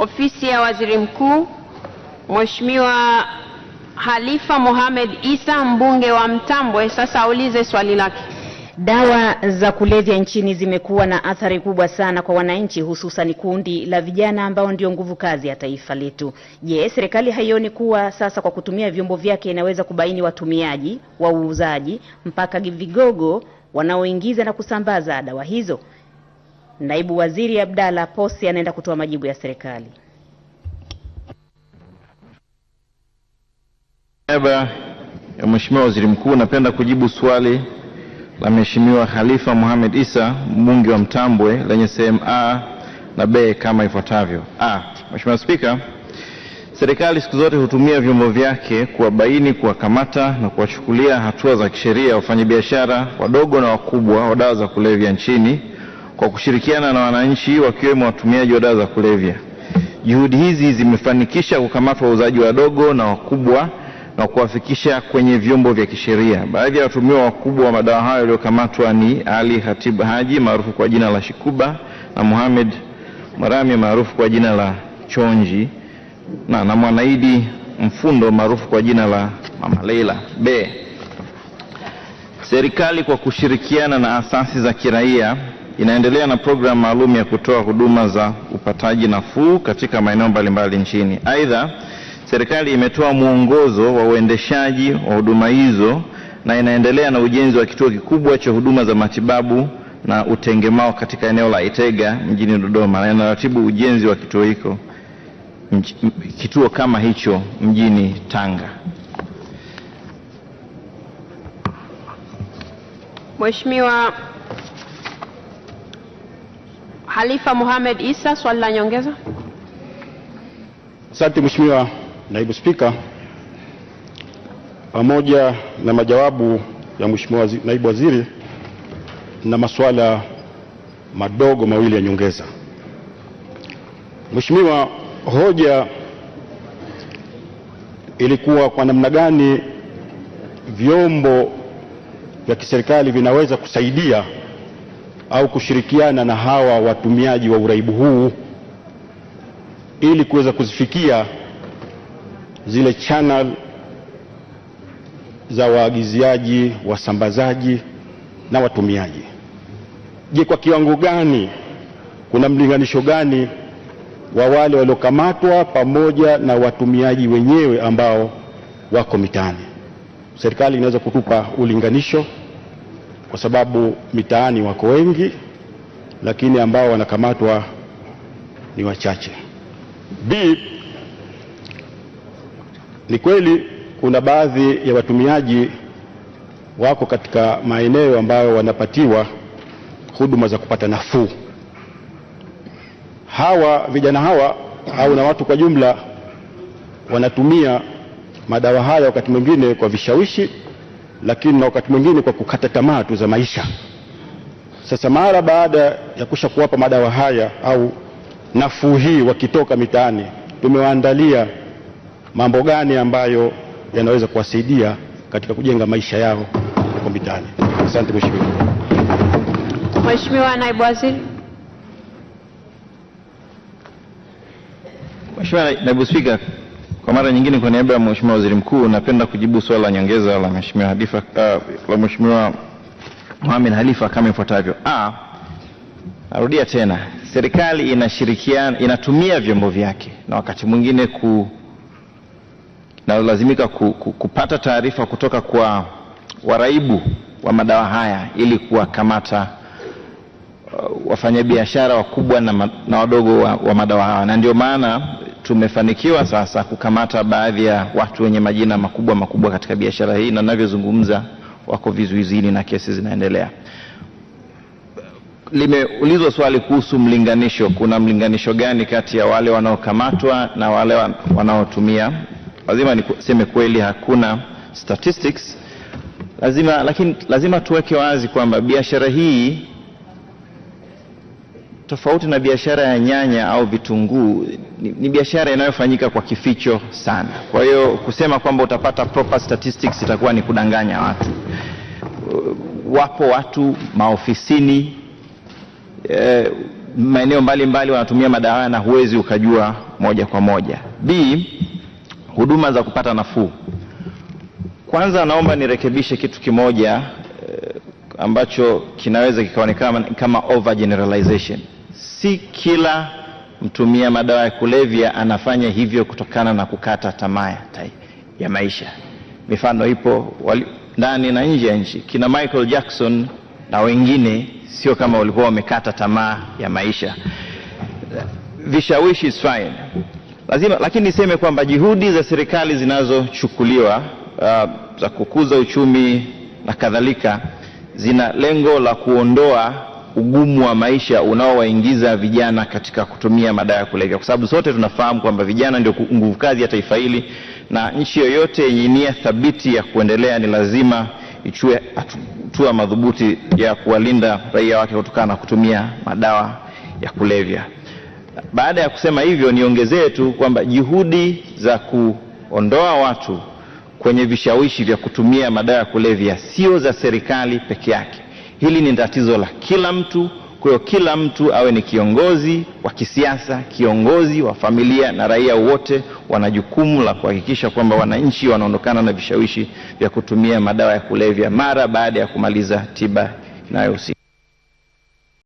Ofisi ya Waziri Mkuu, Mheshimiwa Halifa Mohamed Isa mbunge wa Mtambwe sasa aulize swali lake. Dawa za kulevya nchini zimekuwa na athari kubwa sana kwa wananchi, hususan kundi la vijana ambao ndio nguvu kazi ya taifa letu. Je, serikali haioni kuwa sasa kwa kutumia vyombo vyake inaweza kubaini watumiaji, wauzaji, mpaka vigogo wanaoingiza na kusambaza dawa hizo? Naibu Waziri Abdalla Posi anaenda kutoa majibu ya serikali. Niaba ya Mheshimiwa Waziri Mkuu, napenda kujibu swali la Mheshimiwa Khalifa Mohamed Isa mbunge wa Mtambwe lenye sehemu A na B kama ifuatavyo. A. Mheshimiwa Spika, serikali siku zote hutumia vyombo vyake kuwabaini, kuwakamata na kuwachukulia hatua za kisheria wafanyabiashara wadogo na wakubwa wa dawa za kulevya nchini kwa kushirikiana na wananchi wakiwemo watumiaji wa dawa za kulevya. Juhudi hizi zimefanikisha kukamata wauzaji wadogo na wakubwa na kuwafikisha kwenye vyombo vya kisheria. Baadhi ya watumiwa wakubwa wa madawa hayo waliokamatwa ni Ali Khatib Haji maarufu kwa jina la Shikuba na muhamed Marami maarufu kwa jina la Chonji na, na Mwanaidi Mfundo maarufu kwa jina la Mama Leila B. Serikali kwa kushirikiana na asasi za kiraia inaendelea na programu maalum ya kutoa huduma za upataji nafuu katika maeneo mbalimbali nchini. Aidha, serikali imetoa mwongozo wa uendeshaji wa huduma hizo na inaendelea na ujenzi wa kituo kikubwa cha huduma za matibabu na utengemao katika eneo la Itega mjini Dodoma na inaratibu ujenzi wa kituo hicho kituo kama hicho mjini Tanga. Mheshimiwa Halifa Mohamed Isa, swali la nyongeza. Asante Mheshimiwa Naibu Spika, pamoja na majawabu ya Mheshimiwa Naibu Waziri na masuala madogo mawili ya nyongeza. Mheshimiwa, hoja ilikuwa kwa namna gani vyombo vya kiserikali vinaweza kusaidia au kushirikiana na hawa watumiaji wa uraibu huu ili kuweza kuzifikia zile channel za waagiziaji, wasambazaji na watumiaji. Je, kwa kiwango gani, kuna mlinganisho gani wa wale waliokamatwa pamoja na watumiaji wenyewe ambao wako mitaani? Serikali inaweza kutupa ulinganisho? kwa sababu mitaani wako wengi, lakini ambao wanakamatwa ni wachache. B, ni kweli kuna baadhi ya watumiaji wako katika maeneo ambayo wanapatiwa huduma za kupata nafuu. Hawa vijana hawa au na watu kwa jumla wanatumia madawa haya wakati mwingine kwa vishawishi lakini na wakati mwingine kwa kukata tamaa tu za maisha. Sasa mara baada ya kusha kuwapa madawa haya au nafuu hii, wakitoka mitaani, tumewaandalia mambo gani ambayo yanaweza kuwasaidia katika kujenga maisha yao huko mitaani. Asante mheshimiwa. Mheshimiwa naibu waziri. Mheshimiwa naibu spika kwa mara nyingine, kwa niaba ya Mheshimiwa Waziri Mkuu, napenda kujibu swala la nyongeza la Mheshimiwa Hadifa, uh, la Mheshimiwa Mohamed Halifa kama ifuatavyo. A, narudia tena, serikali inashirikiana, inatumia vyombo vyake na wakati mwingine ku nalazimika ku, ku, kupata taarifa kutoka kwa waraibu wa madawa haya ili kuwakamata uh, wafanyabiashara wakubwa na, na wadogo wa, wa madawa haya na ndio maana tumefanikiwa sasa kukamata baadhi ya watu wenye majina makubwa makubwa katika biashara hii, na navyozungumza wako vizuizini na kesi zinaendelea. Limeulizwa swali kuhusu mlinganisho, kuna mlinganisho gani kati ya wale wanaokamatwa na wale wanaotumia? Lazima niseme kweli, hakuna statistics lazima, lakini lazima tuweke wazi kwamba biashara hii tofauti na biashara ya nyanya au vitunguu, ni, ni biashara inayofanyika kwa kificho sana. Kwa hiyo kusema kwamba utapata proper statistics itakuwa ni kudanganya watu. Wapo watu maofisini, eh, maeneo mbalimbali wanatumia madawa na huwezi ukajua moja kwa moja. B, huduma za kupata nafuu. Kwanza naomba nirekebishe kitu kimoja eh, ambacho kinaweza kikaonekana kama overgeneralization. Si kila mtumia madawa ya kulevya anafanya hivyo kutokana na kukata tamaa ya maisha. Mifano ipo wali, ndani na nje ya nchi. Kina Michael Jackson na wengine sio kama walikuwa wamekata tamaa ya maisha. Vishawishi is fine. Lazima, lakini niseme kwamba juhudi za serikali zinazochukuliwa uh, za kukuza uchumi na kadhalika zina lengo la kuondoa ugumu wa maisha unaowaingiza vijana katika kutumia madawa ya kulevya, kwa sababu sote tunafahamu kwamba vijana ndio nguvu kazi ya taifa hili, na nchi yoyote yenye nia thabiti ya kuendelea ni lazima ichue hatua madhubuti ya kuwalinda raia wake kutokana na kutumia madawa ya kulevya. Baada ya kusema hivyo, niongezee tu kwamba juhudi za kuondoa watu kwenye vishawishi vya kutumia madawa ya kulevya sio za serikali peke yake Hili ni tatizo la kila mtu. Kwa hiyo kila mtu awe ni kiongozi wa kisiasa, kiongozi wa familia, na raia wote wana jukumu la kuhakikisha kwamba wananchi wanaondokana na vishawishi vya kutumia madawa ya kulevya mara baada ya kumaliza tiba inayohusika.